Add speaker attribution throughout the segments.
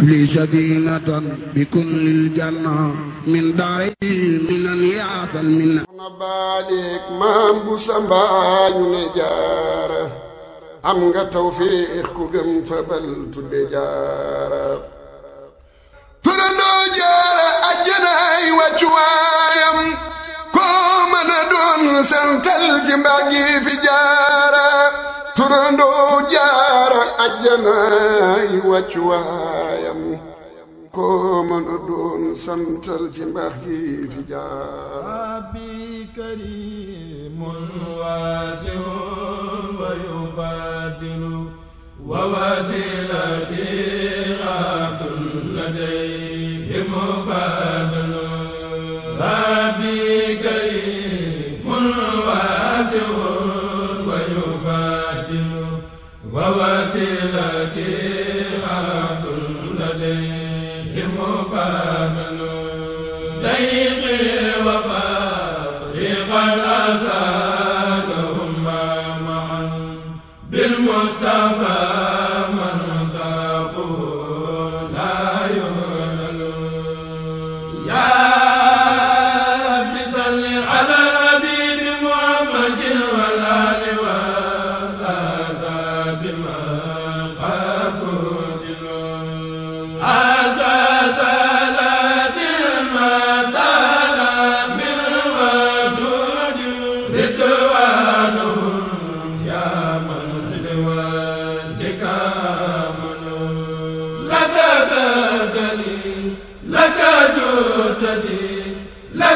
Speaker 1: li sadinatan bi kullil janna
Speaker 2: min daari minan yaasal min na baalik maam bu ne jaara am nga tawfiix ku gëm fabal tudde jaara turandoo jaara ajjanaay wàccuwaayam koo mën doon santal ci fi jaara turandoo jaara ajjanaay wàccuwaayam koo mën a doon santal ci mbaax gi fi jaar rabbi karimun waasihun wa yufadilu wa wasilati abdul ladayhi mufadalu rabbi karimun waasihun wa yufadilu wa wasilati yaa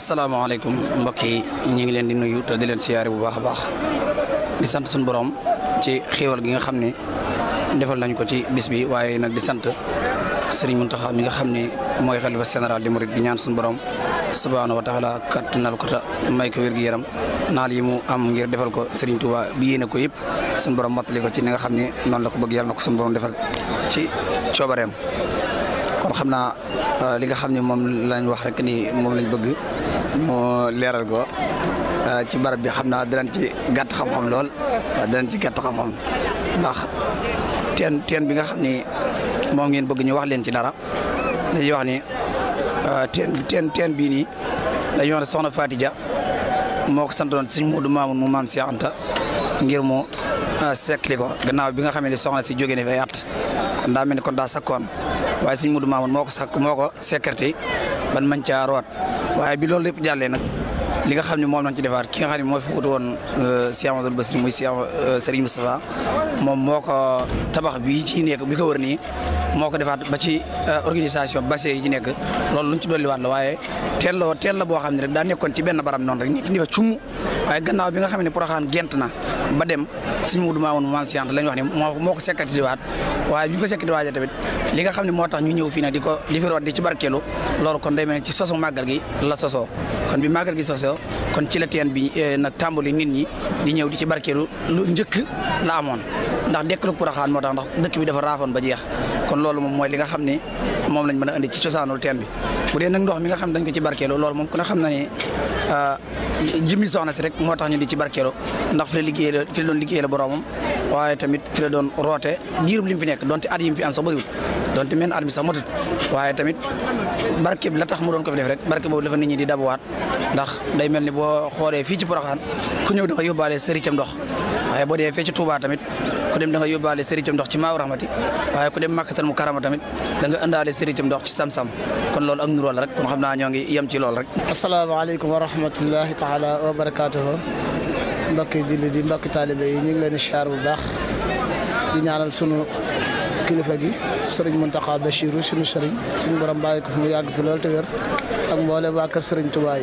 Speaker 3: asalaamaaleykum mbokk yi ñu ngi leen di nuyu te di leen siyaare bu baax a baax di sant suñu boroom ci xéewal gi nga xam ni defal nañ ko ci bis waaye nag di sant sëriñ Muntaxa mi nga xam ne mooy xalifa général di murid di ñaan suñu borom subhaana wa taala kattanal ko ta may ko wér yaram naal yi mu am ngir defal ko sëriñ Tuuba bi ko yëpp suñu borom mottali ko ci ni nga xam ne noonu la ko bëgg yàlla ko suñu borom defal ci coobareem xam naa li nga xam ne moom lañ wax rek ni moom lañ bëgg ñu leeral ko euh, ci barab bi xam naa danañ ci gàtt xam-xam lool danañ ci gàtt xam-xam ndax teen bi nga xam ni moom ngeen bëgg ñu wax leen ci dara dañuy wax ni euh, teen teen teen bii nii dañuy wax ne soxna Faati Ja moo ko santoon sëñ Moodu Maamun mu maam Seex Anta ngir mu euh, sekkli ko gannaaw bi nga xam ne soxna si jóge ne fay at kon daa mel ni kon daa sakkoon waaye sëñ Moodu Maamun moo ko sakk moo ko sekkarti ban man caa root waaye bi loolu lépp jàllee nag li nga xam ne moom lañ ci defaat ki nga xam ne moo fi wutu woon euh, Cheikh Amadou Bassir muy Cheikh euh, Serigne Moustapha moom moo ko tabax bi ci nekk bi ko wër nii moo ko defaat ba ci euh, organisation bassin yi ci nekk loolu luñ ci dolliwaat la waaye teel la teel la boo xam ne rek daa nekkoon ci benn barab noon rek ni fi fa cum waaye gannaaw bi nga xam ne Porokhane gent na ba dem suñu mudu woon maam si Anta lañ wax ne moo moo ko sekkati waat waaye bi ñu ko sekkati waajee li nga xam ne moo tax ñu ñëw fii nag di ko di fi root di ci barkeelu loolu kon day mel ne ci sosu màggal gi la sosoo kon bi màggal gi sosoo kon ci la teen bi eh, nag tàmbali nit ñi di ñëw di ci barkeelu lu njëkk la amoon ndax dekkalu Porokhane moo tax ndax dëkk bi dafa raafoon ba jeex kon loolu moom mooy li nga xam ne moom lañ mën a indi ci cosaanul teen bi bu dee nag ndox mi nga xam ne dañ ko ci barkeeloo loolu moom ku ne xam na ne ah, jëmmi soxna si rek moo tax ñu di ci barkeeloo ndax fi la liggéey liggéey la boromam waaye tamit doon roote diirub li fi nekk donte at yi mu fi am sax bëriwul donte men at mi sax matut waaye tamit barke bi la tax mu doon ko fi def rek barke boobu dafa nit ñi di dabuwaat ndax day mel ni boo xoolee fii ci Porokhane ku ñëw da nga yóbbaale sëri cam ndox waaye boo dee fee ci Touba tamit ku dem da nga yóbbaale sëriñam ndox ci maaw rahmati waaye ko dem màkkatal mu karama tamit da nga indaale sëriñam ndox ci sam-sam kon loolu ak nuróol rek kon xam naa ñoo ngi yem ci loolu rek
Speaker 1: asalaamaaleykum wa rahmatullahi taala wa barakatuhu mbokki julli di mbokki taalibe yi ñu ngi leen di siyaar bu baax di ñaanal sunu kilifa gi sëriñ Muntaxa Bachiru sunu sëriñ suñu borom bàyyi ko fu mu yàgg fi loolu te ak mboolem waa kër sëriñ Tuubaa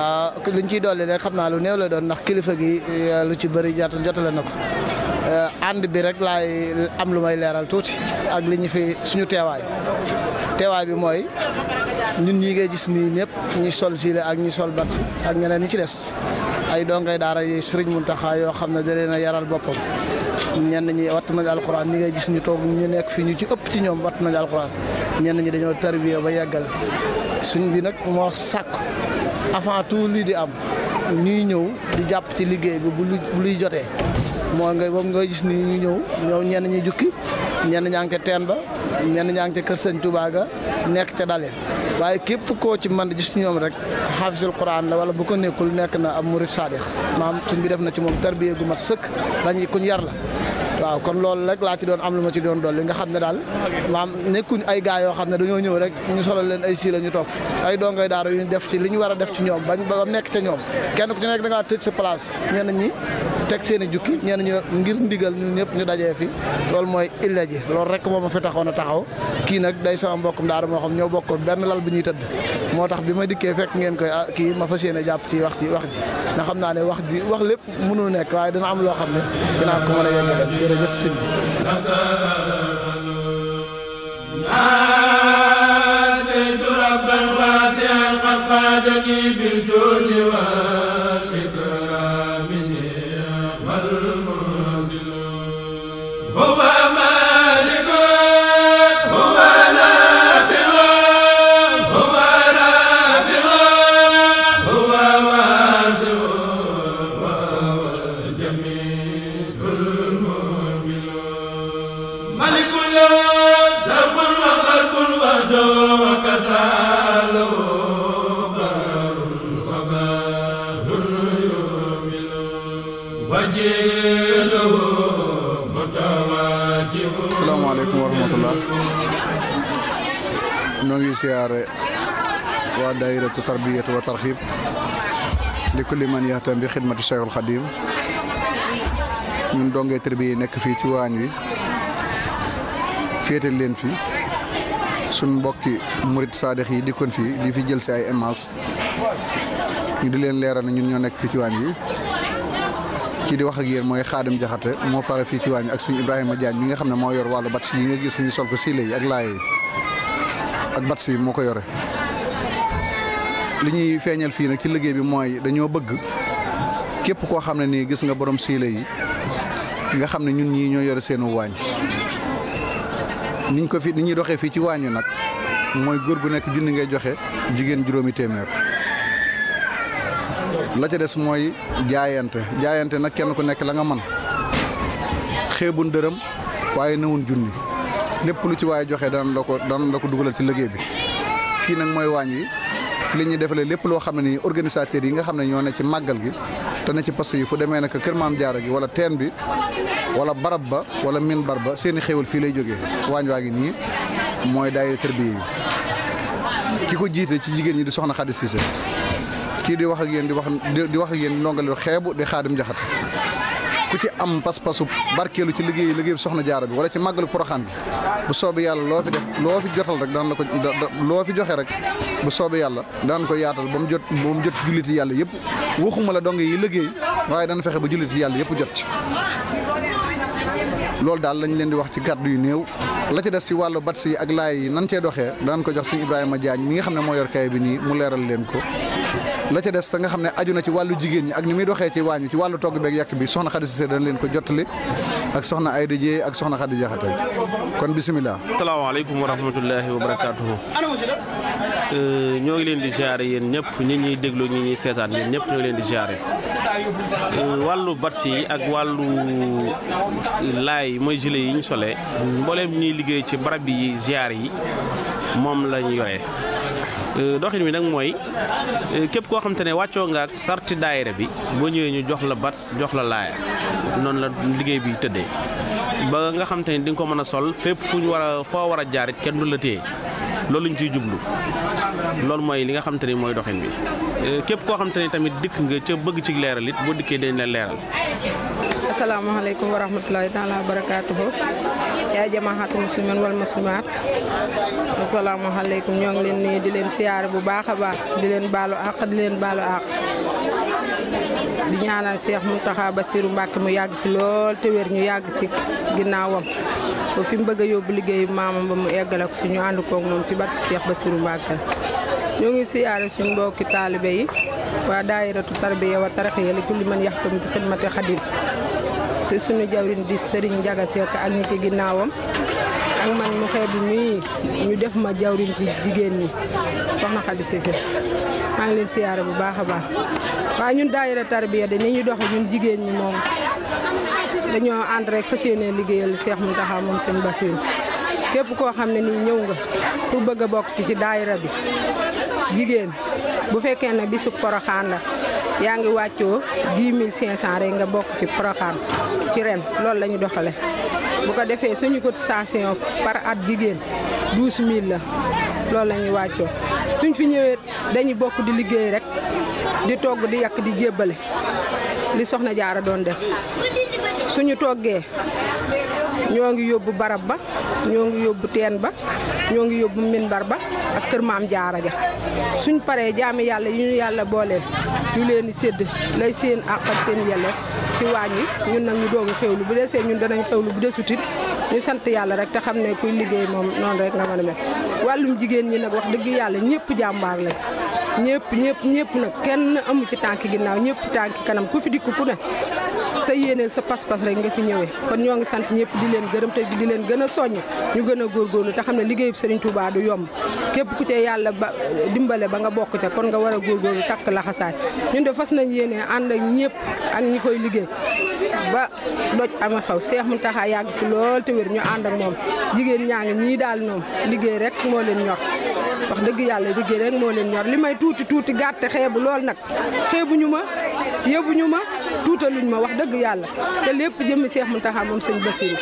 Speaker 1: ah, liñ ciy dolli rek xam naa lu néew la ndax kilifa gi eh, lu ci bëri jot jotale na ko Euh, ànd bi rek laay am lu may leeral tuuti ak li ñu fi suñu teewaay teewaay bi mooy ñun ñi ngay gis nii ñëpp ñi sol sile ak ñi sol bat ak ñeneen ñi ci des ay dongay daar yi sëriñ Muntaxa yoo xam ne da leen a yaral boppam ñenn ñi watt nañu alxuraan ñi ngay gis ñu toog ñu nekk fi ñu ci ëpp ci ñoom watt nañu alxuraan ñenn ñi dañoo tarbiya ba yeggal suñ bi nag moo sàkk avant tout lii di am ñuy ñëw di jàpp ci liggéey bi bu luy jotee moo nga moom nga gis nii ñu ñëw ñëw ñenn ñi jukki ñenn ñaa ngi teen ba ñenn ñaa ngi ca kër nekk ca dale waaye képp koo ci man gis ñoom rek xaafisul quran la wala bu ko nekkul nekk na ab murid saadix maam sëñ bi def na ci moom tarbiye gu mat sëkk bañ kuñ yar la waaw kon loolu rek laa ci doon am lu ma ci doon dolli nga xam ne daal maam nekkuñ ay gaay yoo xam ne dañoo ñëw rek ñu solal leen ay siila ñu toog ay dongoy daara yu ñu def ci li ñu war a def ci ñoom bañ ba nekk ca ñoom kenn ku ci nekk da ngaa tëj sa place ñenn ñi teg seen ngir ndigal ñun ñëpp ñu dajee fi loolu mooy illa loolu rek moo ma fi taxoon a taxaw kii nag day sama mbokkum daara moo xam ñoo bokkoon benn lal bi ñuy tëdd moo tax bi ma dikkee fekk ngeen koy ah, kii ma fa yéene jàpp ci wax ci wax ji na xam naa ne wax ji wax lépp mënul nekk waaye dina am loo xam ne dinaa ko mën a yegg jërëjëf sëñ bi.
Speaker 2: ناديت ربا واسعا قد قادني بالجود
Speaker 4: asalaamaaleykum wa rahmatullah ñoo ngi siyaare waa daayiratu tarbiyatu wa tarxiib li kulli man bi xidmati Cheikhul Xadim ñun dongee tarbiya nekk fii ci waañ wi féete leen fi suñ mbokki murit saadix yi dikkoon fii di fi jël si ay image ñu di leen leeral na ñun ñoo nekk fii ci waañ wi kii di wax ak yéen mooy xaadim jaxate moo fara fii ci waañ ak sëñ Ibrahima Diagne mi nga xam ne moo yor wàllu bat yi nga gis ñu sol ko siile yi ak laaye yi ak bat si moo ko yore li ñuy feeñal fii nag ci liggéey bi mooy dañoo bëgg képp koo xam ne nii gis nga borom siile yi nga xam ne ñun ñii ñoo yore seenu waañ niñ ko fi ni ñuy doxee fii ci waañu nag mooy góor gu nekk junni ngay joxe jigéen juróomi téeméer la ca des mooy jaayante jaayante nag kenn ku nekk la nga man xeebun dërëm waaye newun junni lépp lu ci waaye joxe daan la ko daan la ko dugalal ci liggéey bi fii nag mooy waañ yi li ñuy defalee lépp loo xam ne nii organisateurs yi nga xam ne ñoo ne ci màggal gi te ne ci poste yi fu demee nag kër maam jaara gi wala teen bi wala barab ba wala min bar ba seeni i fii lay jóge waañ waa ngi nii mooy daayira tërbiye yi ki ko jiite ci jigéen ñi di soxna Xadi kii di wax ak di wax di wax ak yéen ndongalu xeebu di xaadim jaxat ku ci am pas-pasu barkeelu ci liggéey liggéey soxna jaara bi wala ci màggalu poroxaan bi bu soobee yàlla loo fi def loo jotal rek daan la ko loo fi joxe rek bu soobee yàlla daan ko yaatal ba mu jot ba mu jot julliti yàlla yëpp waxuma la dong yi liggéey waaye dana fexe ba julliti yàlla yëpp jot loolu daal lañ leen di wax ci kàddu yu néew la ci des si wàllu batsi yi ak laay yi nan cee doxee daan ko jox sëñ Ibrahima Diagne mi nga xam ne moo yor kay bi nii mu leeral leen ko la ce des te nga xam ne aju na ci wàllu jigéen ñi ak ni muy doxee ci waañu ci wàllu togg beeg yàq bi soxna Xadi Sise dana leen ko jottali ak soxna Ayda Jéey ak soxna Xadi Jaxate kon bisimilah.
Speaker 5: salaamaaleykum wa rahmatullahi wa barakaatuhu. Euh, ñoo ngi leen di jaare yéen ñëpp ñi ñuy déglu ñu ñuy seetaan yéen ñëpp ñoo leen di jaare euh, wàllu batsi yi ak wàllu laay mooy gilet yi ñu solee mbooleem ñuy liggéey ci barab yi ziar yi moom lañ yore Euh, doxin bi nag mooy euh, képp koo xam te ne wàccoo nga ak sarti daayira bi boo ñëwee ñu jox la bats jox la laaya noonu la liggéey bi tëddee ba nga xam te ne di ko mën a sol fépp fu ñu war a foo war a jaarit kenn du la téye loolu ñu ciy jublu loolu mooy li nga xam te ni mooy doxin bi euh, képp koo xam ni tamit dikk nga ca bëgg ci leeral it boo dikkee dañ la leeral asalaamaaleykum wa rahmatulahi taala yaa jamaahatu muslimin wal muslimaat asalaamaaleykum ñoo ngi leen nii di leen siyaare bu baax a baax di leen baalo àq di leen baalu àq di ñaanal Cheikh Mountakha Bassirou Mbacké mu yàgg fi lool te wér ñu yàgg ci ginnaawam ba fi mu bëgg a yóbbu liggéeyu maamam ba mu eggale ko ñu ànd koog moom ci barke Cheikh Bassirou Mbacké ñoo ngi siyaare suñu mbokki taalibe yi waa daayiratu tarbiya wa taraxiya li kulli man yaxtam bi xidmati xadim suñu jawrin di Serigne Ndiaga seet ak ñi ci ginnaawam ak man mu xeebu mii ñu def ma jawrin ci jigéen ñi soxna Khady Cissé maa ngi leen siyaare bu baax a baax waaye ñun daayira tarbiya de ni ñu doxe ñun jigéen ñi moom dañoo ànd rek fas yéene liggéeyal mu Mountakha moom seen Bassirou képp koo xam ne nii ñëw nga pour bëgg a bokk ci daayira bi jigéen bu fekkee ne bisu poroxaan la yaa ngi wàccoo 10 500 rek nga bokk ci programme ci ren loolu la ñu doxale bu ko defee suñu cotisation par at jigéen 12000 la loolu la ñu wàccoo suñ fi ñëwee dañu bokk di liggéey rek di togg di yàq di jébbale li soxna jaar a doon def suñu toggee ñoo ngi yóbbu barab ba ñoo ngi yóbbu teen ba ñoo ngi yóbbu minbar ba ak kër maam jaara ja suñ paree jaami yàlla yu ñu yàlla booleel ñu leen di sédd lay seen àq ak seen yelleef ci waañ yi ñun nag ñu doog a xewlu bu desee ñun danañ xewlu bu desutit ñu sant yàlla rek te xam ne kuy liggéey moom noonu rek na mën a mel wàllum jigéen ñi nag wax dëgg yàlla ñëpp jàmbaar lañ ñëpp ñëpp ñëpp nag kenn amu ci tànk ginnaaw ñëpp tànk kanam ku fi dikk ku ne sa yéene sa pas-pas rek nga fi ñëwee kon ñoo ngi sant ñëpp di leen gërëm te di leen gën a soññ ñu gën a góorgóorlu te xam ne liggéeyub Serigne Touba du yomb képp ku cee yàlla ba dimbale ba nga bokk ca kon nga war a góor góorgóorlu takk laxasaay ñun de fas nañ yéene ànd ak ñëpp ak ñu koy liggéey ba doj ame xaw Seex Muntaxa yàgg fi lool te wér ñu ànd ak moom jigéen ñaa ngi ñii daal ñoom liggéey rek moo leen ñor wax dëgg yàlla liggéey rek moo leen ñor li may tuuti tuuti gàtte xeebu lool nag tuutaluñ ma wax dëgg yàlla te lépp jëmmi Seex Muntaxa moom sëñ Basiru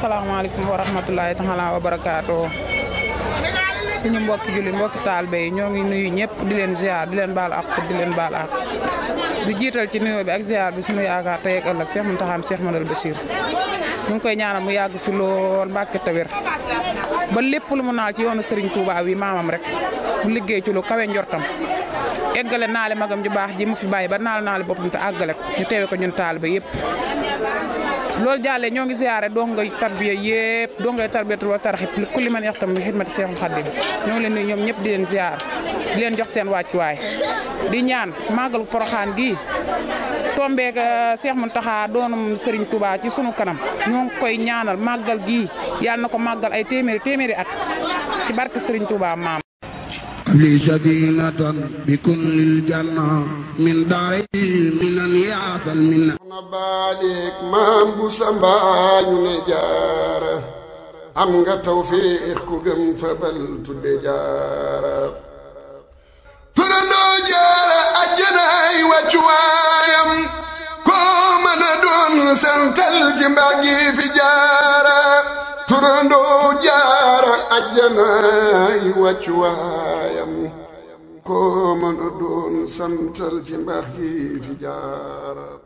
Speaker 5: salaamaaleykum wa rahmatulahi taala wa barakaatu suñu mbokki julli mbokki taalibe yi ñoo ngi nuyu ñëpp di leen ziar di leen baal ak di leen baal ak di jiital ci nuyoo bi ak ziar bi suñu yaakaar tey ak ëllëg Seex Muntaxa Seex Madal Basiru ñu ngi koy ñaanal mu yàgg fi lool mbàkke te ba lépp lu mu naal ci yoonu sëriñ Touba wi maamam rek mu liggéey ci lu kawe eggale naale magam ju baax ji mu fi bàyyi ba naal naale boppam te àggale ko ñu teewe ko ñun taaliba yëpp loolu jàllee ñoo ngi ziyaare dongay tarbiya yëpp dongay wa tarxib ku li man yax tam xidmati seexul xaddim ñoo leen nuyu ñoom ñëpp di leen ziyaar di leen jox seen wàccuwaay di ñaan màggalu poroxaan gi tombeeg euh, Seex Muntaxa doonum Serigne Touba ci sunu kanam ñoo koy ñaanal màggal gi yàlla na ko màggal ay téeméeri téeméeri at ci barke Serigne Touba maam
Speaker 1: li sadinatan bi kun lil janna
Speaker 2: min daari minan yaatal minna na baalik maam bu samba ñu ne jaara am nga tawfiix ku gëm fa bal tudde jaara turandoo jaara ajjanaay wàccuwaayam koo a doon santal ci mbàggi fi jaara turandoo ajjanaay wàccuwaayam koo mën a doon santal ci mbaax yi fi jaarat